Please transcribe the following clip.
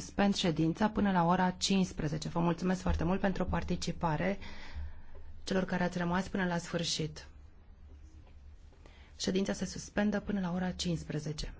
suspend ședința până la ora 15. Vă mulțumesc foarte mult pentru participare celor care ați rămas până la sfârșit. Ședința se suspendă până la ora 15.